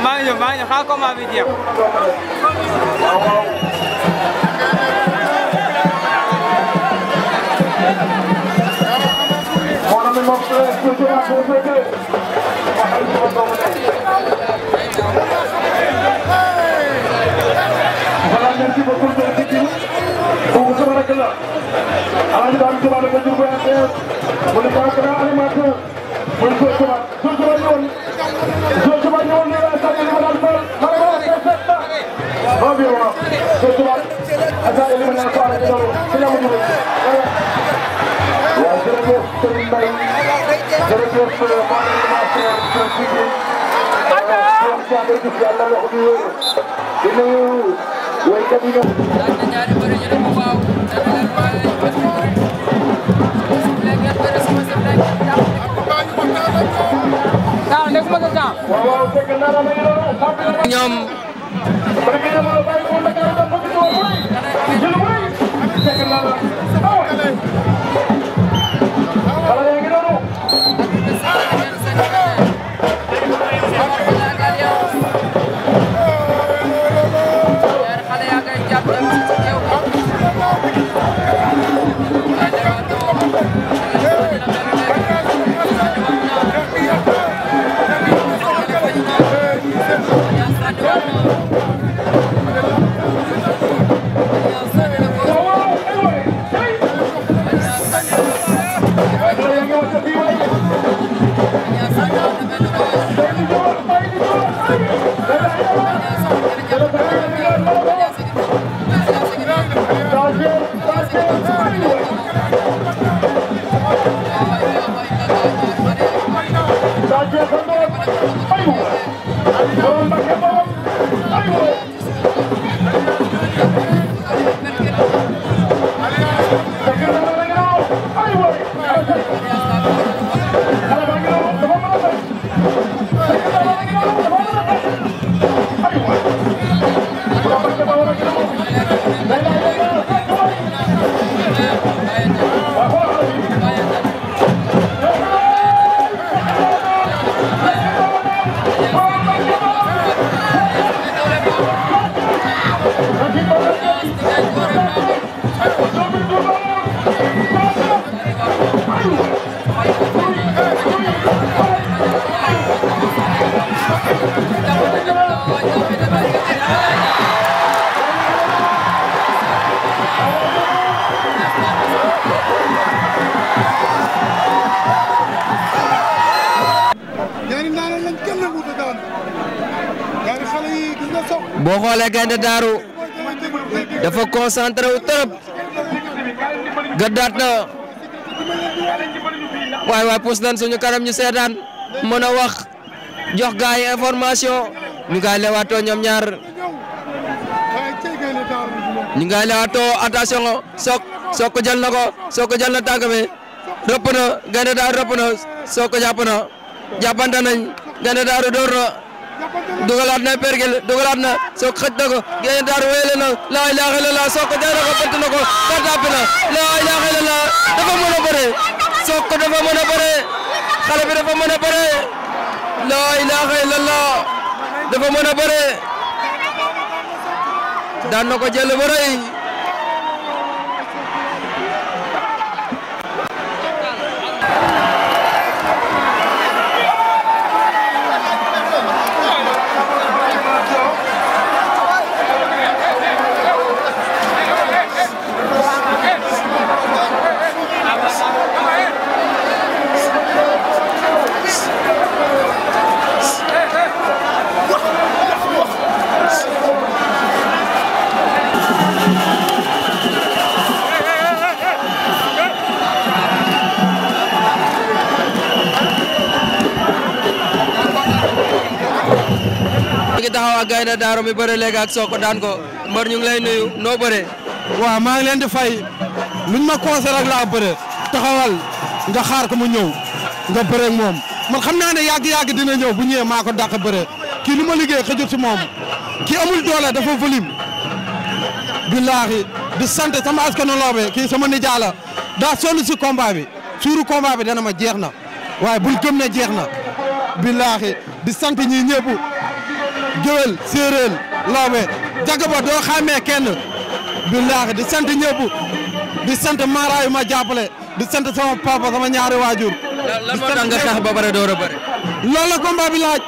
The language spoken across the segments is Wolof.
waaw maa ngi ñëw maa ngi ñëw xaar combat bi jeex. Thank you. environ sotuwat asaɗa limana ko ala ɗiɗo sinamo ɗum ya jërëjëf Serigne Mbaye jërëjëf maanaam Sidi Cheikh Thiaga Diouf yàlla na ko di wér di nuyu woykat yi ñoom Come on. boo xoolee gaynde daaru dafa concentré wu trop gëddaat na waay waay puus nañ suñu kanam ñu seetaan mën a wax jox gaa yi information ñu ngay lewaatoo ñoom ñaar ñu ngay lewaatoo attention sok jël na ko sok jël na tànk bi gaynde daaru rëpp na sok jàpp gaynde daaru door dugalaat na pergel dugalaat na Sokh xëj na ko génn daar wéyale na laa ilaaha illallah Sokh ko bëtt na ko kàttaapi na laa ilaaha illallah dafa mën a na ko jël bu rëy waa Gaynde Daaru mi bëre léegi ak Sokh daan ko mbër ñu ngi lay nuyu noo bëree. waaw maa ngi leen di fay luñ ma conseillé rek laa bëre taxawal nga xaar ko mu ñëw nga bëre moom man xam naa ne yàgg-yàgg dina ñëw bu ñëwee maako ko dàq bëre kii lu ma liggéey xëjut si moom kii amul doole dafa volume billaahi di sant sama askanu loobe kii sama nijaay la daa sonn si combat bi suuru combat bi dana ma jeex na waaye bul gëm ne jeex na billaahi di sant ñi ñëpp géwél séeréel loobe jaga ba doo xàmmee kenn billaahi di sant ñëpp di sant maaraayu ma jàppale di sant sama papa sama ñaari waajur lan moo tax nga xeex ba pare door a bëri loolu la combat bi laaj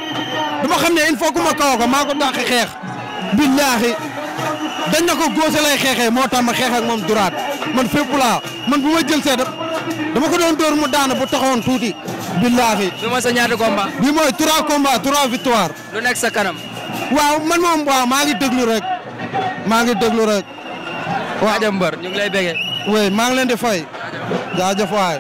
dama xam ne il faut que ma kaw ko maa ko dàq xeex billaahi dañ na ko góose lay xeexee moo tax ma xeex moom duraat man fépp laa man bu ma jël see dama ko doon dóor mu daana bu taxawoon tuuti billaahi bi mooy sa ñaata combat bi mooy trois combat trois victoire nekk sa kanam waaw man moom waaw maa ngi déglu rek maa ngi déglu rek. waaw Aja Mbër ñu ngi lay bége. oui maa ngi leen di fay jaajëf waay.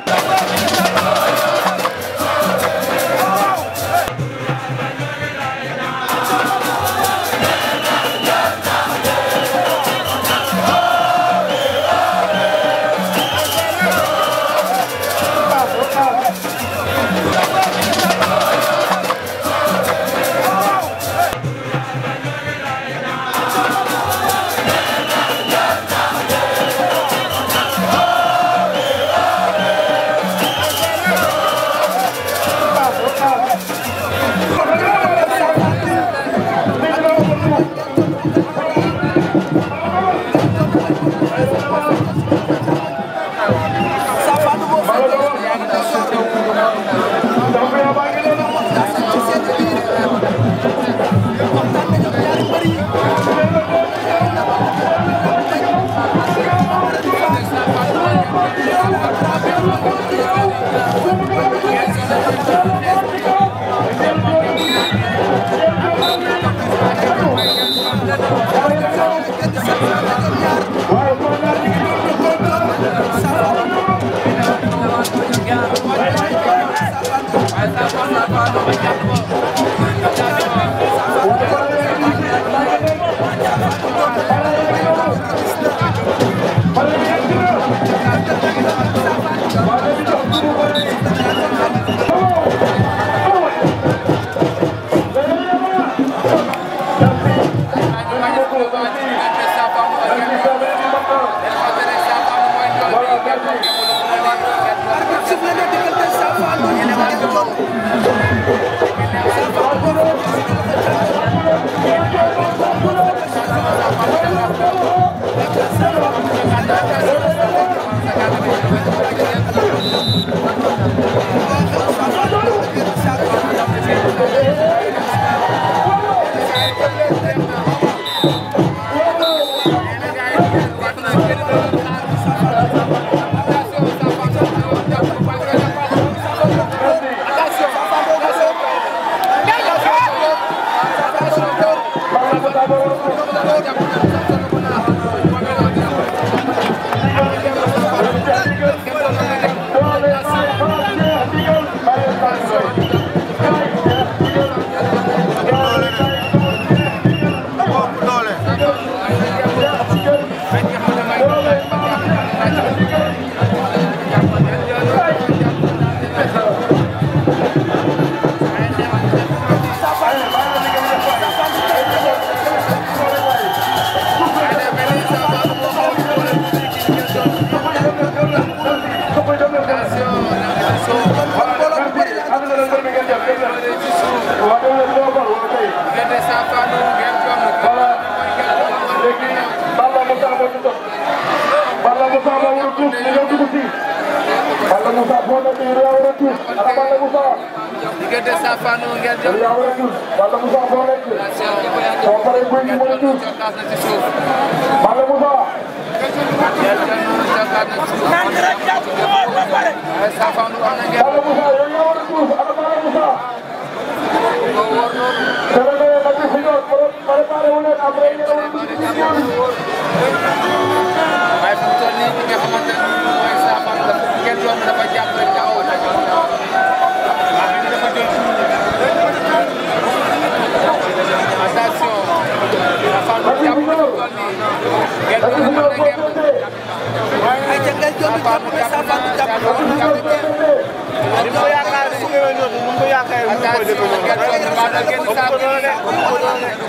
Thank you. Balla Moussa foo demee Riyaw rek tuut ana Balla Moussa. diggante Safano ngeen jëm. Riyaw rek tuut Balla Moussa foo nekk. boo paree guy gi mooy tuut. Balla Moussa. Balla Moussa yow yaa war a tuut ana Balla Moussa. préparé wu leen après ñu doon dugg ci ñoom. waaye fi mu toll nii ki nga xamante ne mooy saafara dafa kenn doon dafa jàpp rek taxaw na ci dafa jël attention dafa am jàpp fi mu toll nii kenn doon mën a gëm. ay jàngal jooju jàpp na saafara jàpp na ko yaakaar ni mu ko yaakaar ni mu ko defee noonu.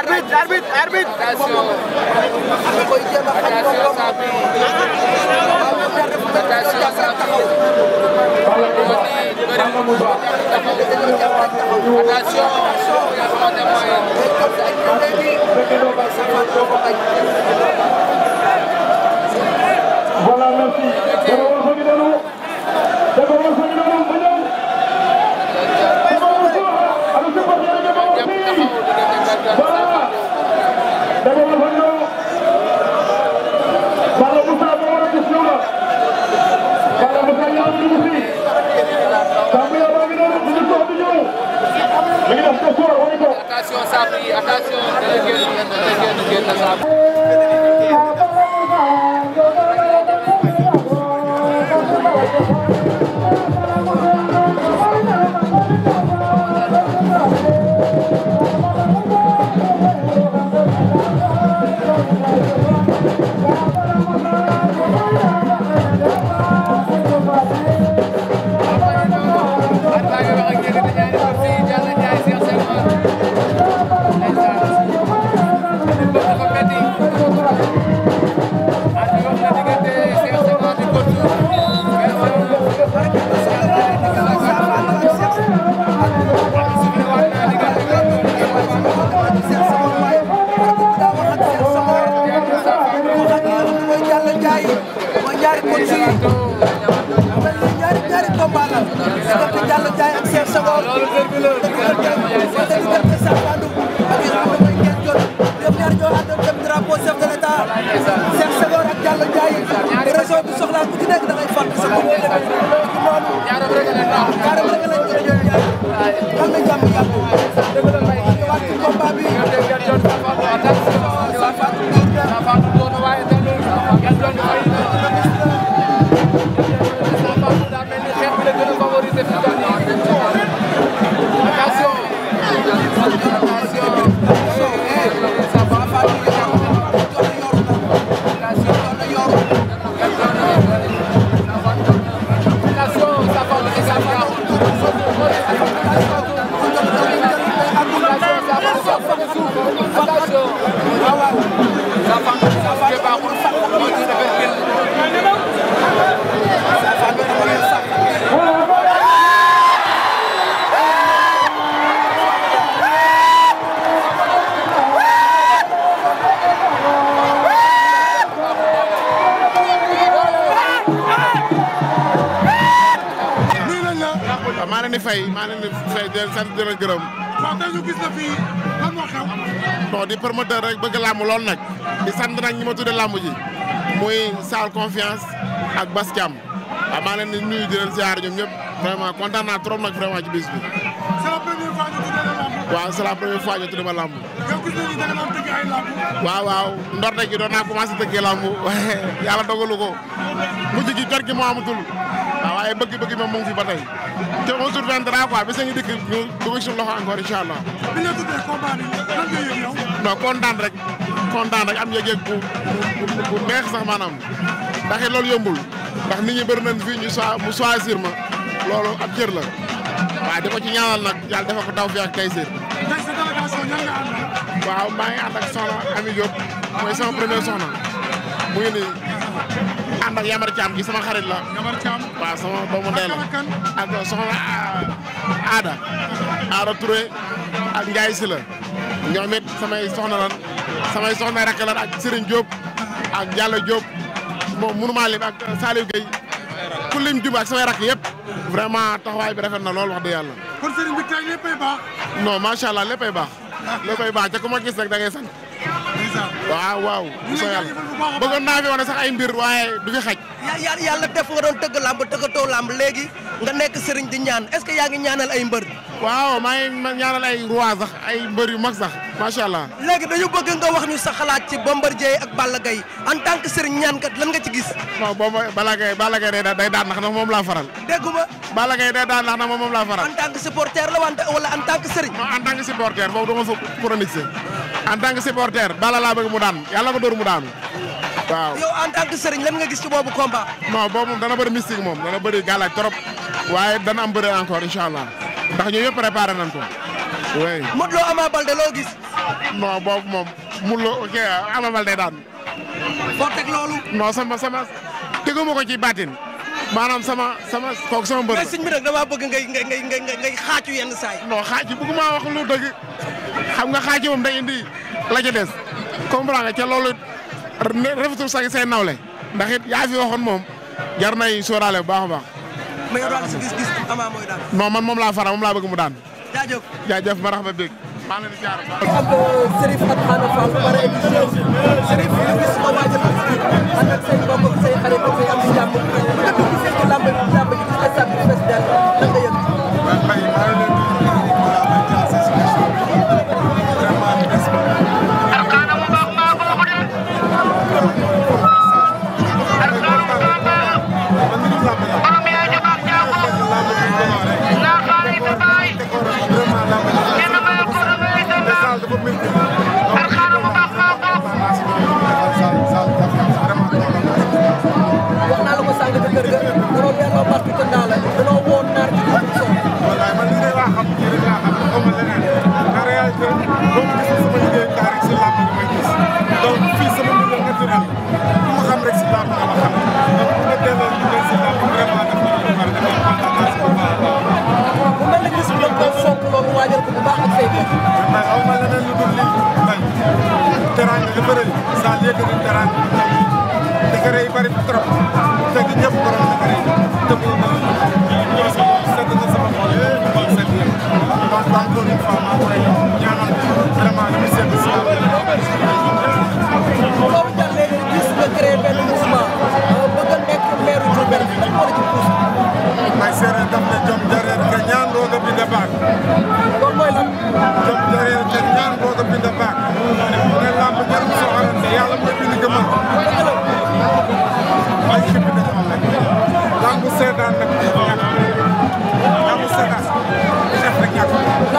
arbitre arbitre arbitre voilà merci fii lan moo xew. di promoteur rek bëgg làmb lool nag di sant nag ñi ma tuddee ji muy Saal confiance ak Baskiam waaw maa leen di nuyu di leen siyaar ñoom ñëpp vraiment kontaan naa trop nag vraiment ci bis bi. waaw c'est la première fois ñu tuddee ma waaw waaw ndorte gi doon naa commencé tëggee làmb waaye yàlla dogalu ko mujj jot gi moo amatul waaw waaye bëgg-bëgg moom mu ngi fi ba tey te on se quoi bés a ngi dikk ñu loxo encore incha allah. bi nga tuddee combat bi kontaan rek kontaan rek am yëg-yëg bu bu neex sax maanaam loolu yombul ndax nit ñi bëri nañ fii ñu mu choisir ma loolu ab cër la waaw di ko ci ñaanal nag yàlla defal ko taw fii ak Taysir. tey sa délégation ñan nga àndal. waaw maa ngi ànd ak soxna Ami Diop mooy sama première soxna mu ngi nii ànd ak Yamar Thiam sama xarit la. Yamar Thiam sama doomu ndey la ak soxna Aada. Ah, Aada Touré. ak Ndiaye Sylla ñoom it samay soxna lan samay soxna rakk lan ak Serigne Diop ak Diallo Diop moom mënumaa lim ak Saliou Gueye ku lim jub ak samay rakk yëpp vraiment taxawaay bi rafet na lool wax dëgg yàlla. kon Serigne bi tey léppay baax. non macha baax. te ku ma gis nag da ngay sant. waaw waaw. incha bëggoon naa fi wane sax ay mbir waaye du fi xaj. yàlla def nga doon tëgg làmb tëggatoo làmb léegi. nga nekk sëriñ di ñaan est yaa ngi ñaanal ay mbër. waaw maa ñaanal ay roi sax ay mbër yu mag sax macha allah. léegi dañu bëgg nga wax ñu sa xalaat ci Bombardier ak Balla Gaye en tant que sëriñ ñaankat lan nga ci gis. non boobu Balla Gaye Balla Gaye day daan ndax moom laa faral. dégguma. Balla Gaye day daan ndax moom laa faral. en tant que la wala en tant sëriñ. non en tant que supporter boobu nga gis ci boobu combat. non boobu moom dana bëri mystique moom waaye dana am bëre encore incha allah ndax ñoo yëpp préparé nañ ko. oui Modou Lo Ama Baldé loo gis. non boobu moom Modou Lo ok Ama Baldé daan. foo teg loolu. non sama sama teguma ko ci baatin maanaam sama sama kooku sama mbër. mais sëñ bi nag damaa bëgg nga ngay ngay ngay xaaju yenn saa yi. non xaaju bëgguma wax dëgg xam nga xaaju moom day indi la ca des comprendre nga ca loolu rafetul sa say nawle ndax it yaa fi moom jar nay sóoraale bu baax a baax. mais man moom laa faral moom laa bëgg mu daan. jaajëf jaajëf ma rax ma bëgg. maa ngi leen di jaarale. ak Serif ak Ada Fall pare émission Serif ñu gis ko waaj a ànd ak say mbokk say xarit say am si jàmm. nga dugg si ci làmb làmb ji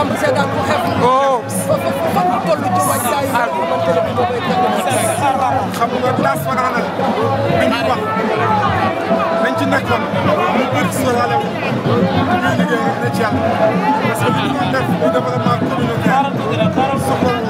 lamb seetaan ku xeeb. waaw fa fa fa mu toll ci wàccaay yi. xam nga daas fanaan bi ñu wax dañ ci nekkoon lu bëri sóoraale wu ñu liggéey rek ne ci yàlla parce que li ñu def du développement communautaire soxla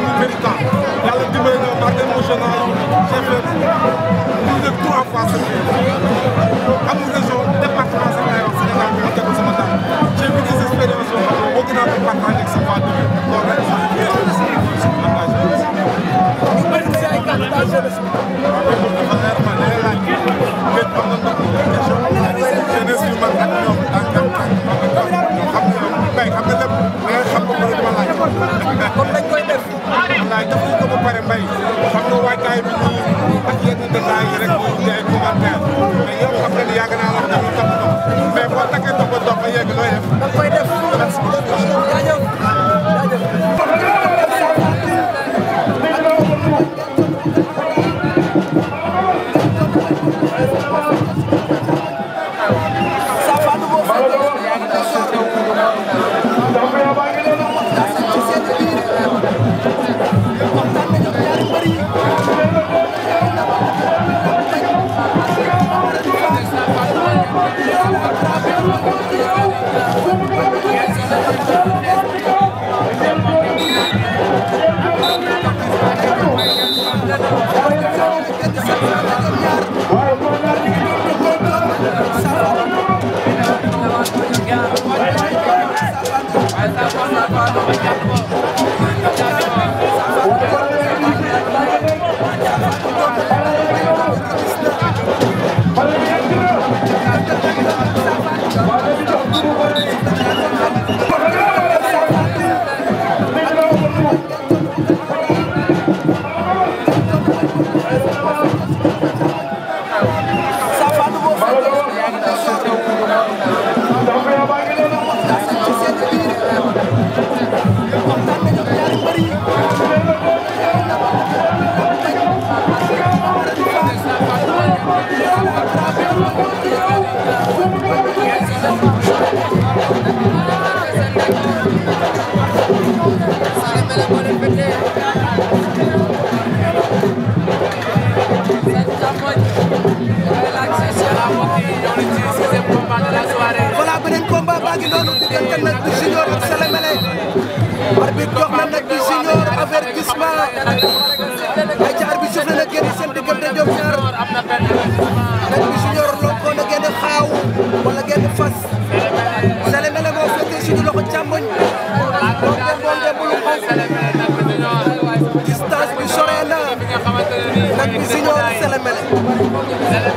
militant yàlla dimbali na ma émotionnel j'ai fait plus de trois fois ce amul région département sax laay wax Sénégal bi ma tegu sama tànk j'ai vu des expériences bëgg naa ko partager ak sama famille loolu rek mel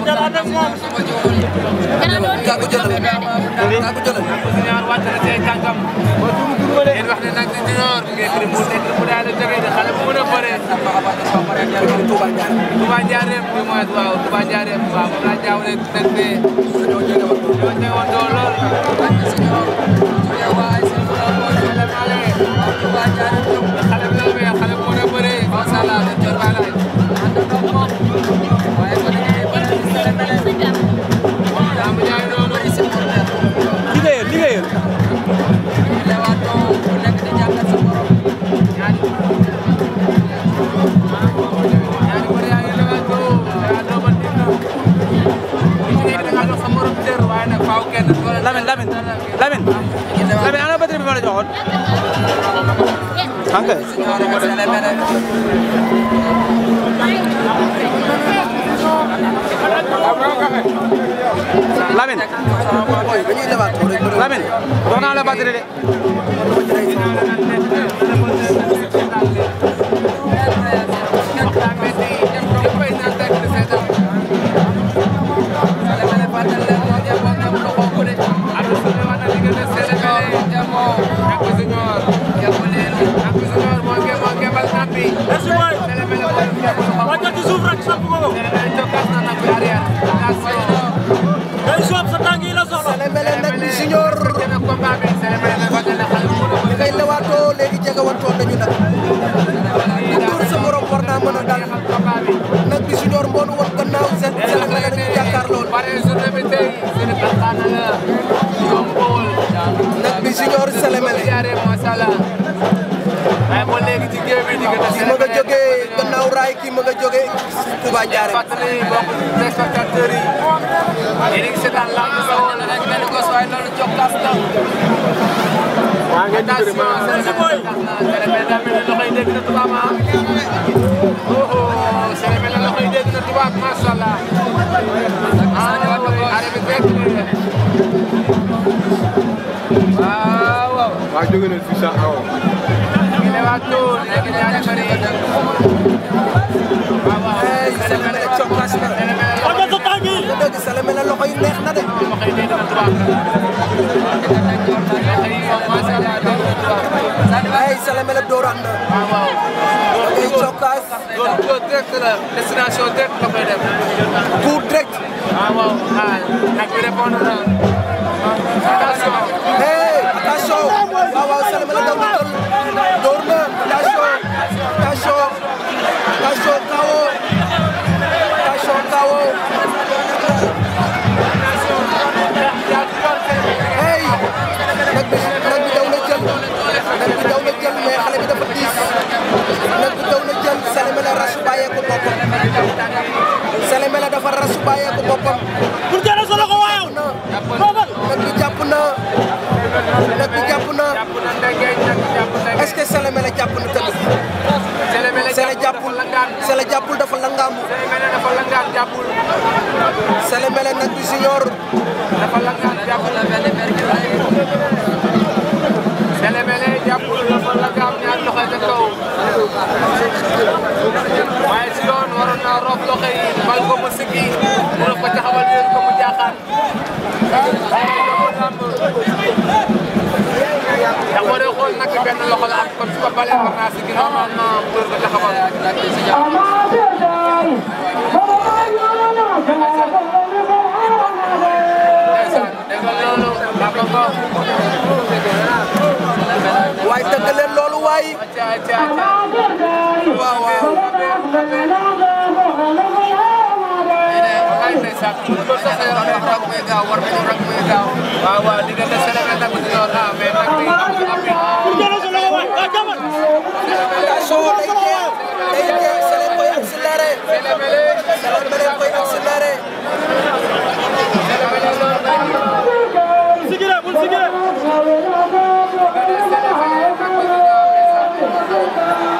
Gagou Dione Gagou Dione ñaar wàcc na tey tànkam yéen wax ne nag di ñor ngeen di mu nekk mu daal di jógee di xale bu mën a bëree Touba Ndiarème bi mooy waaw Touba Ndiarème waaw moom laa jaawale nag de ñoo ñëwoon doo lool Lamine Lamine ana batterie bi ma la joxoon xam nga Lamine Lamine jox naa la léegi seetaan làmb sax ñu ne rek benn gos waaye loolu jox kaas la. waa ngeen di bëri maa ngi dégg na tubaab ah. oh Sélébé la loxoy dégg na tubaab macha allah. ah waaw waaw. waa jóge na fii sax awo. ñu ne waa Thion léegi ñaari bëri. waaw waaw. mel ne loxo yi neex na de. ay Salamele dooran na. ay cokkaas. loolu direct la destination direct la koy def. tout direct. waaw waaw ah nag bi répondre na. attention. hey attention. boppam. buñ jëlee sa loxo waaw. nag bi jàpp na nag jàpp na est-ce que Sélé Mélé jàpp na tamit. Sélé jàppul Sélé jàppul dafa langaamu. Sélé Mélé nag bi waaye si loolu waroon naa roob loxo yi mbal ko mu sikki mu ne ko taxawal yéen ko mu jaaxaan. ndax boo dee xool nag benn loxo la am kon su ko balee war naa sikki normalement pour nga taxawal. waaye tëgg leen loolu waay waaw waaw waaw waaw diggante Sénégal nag di lool ah mais nag di Sigire, bul sigire. Thank you.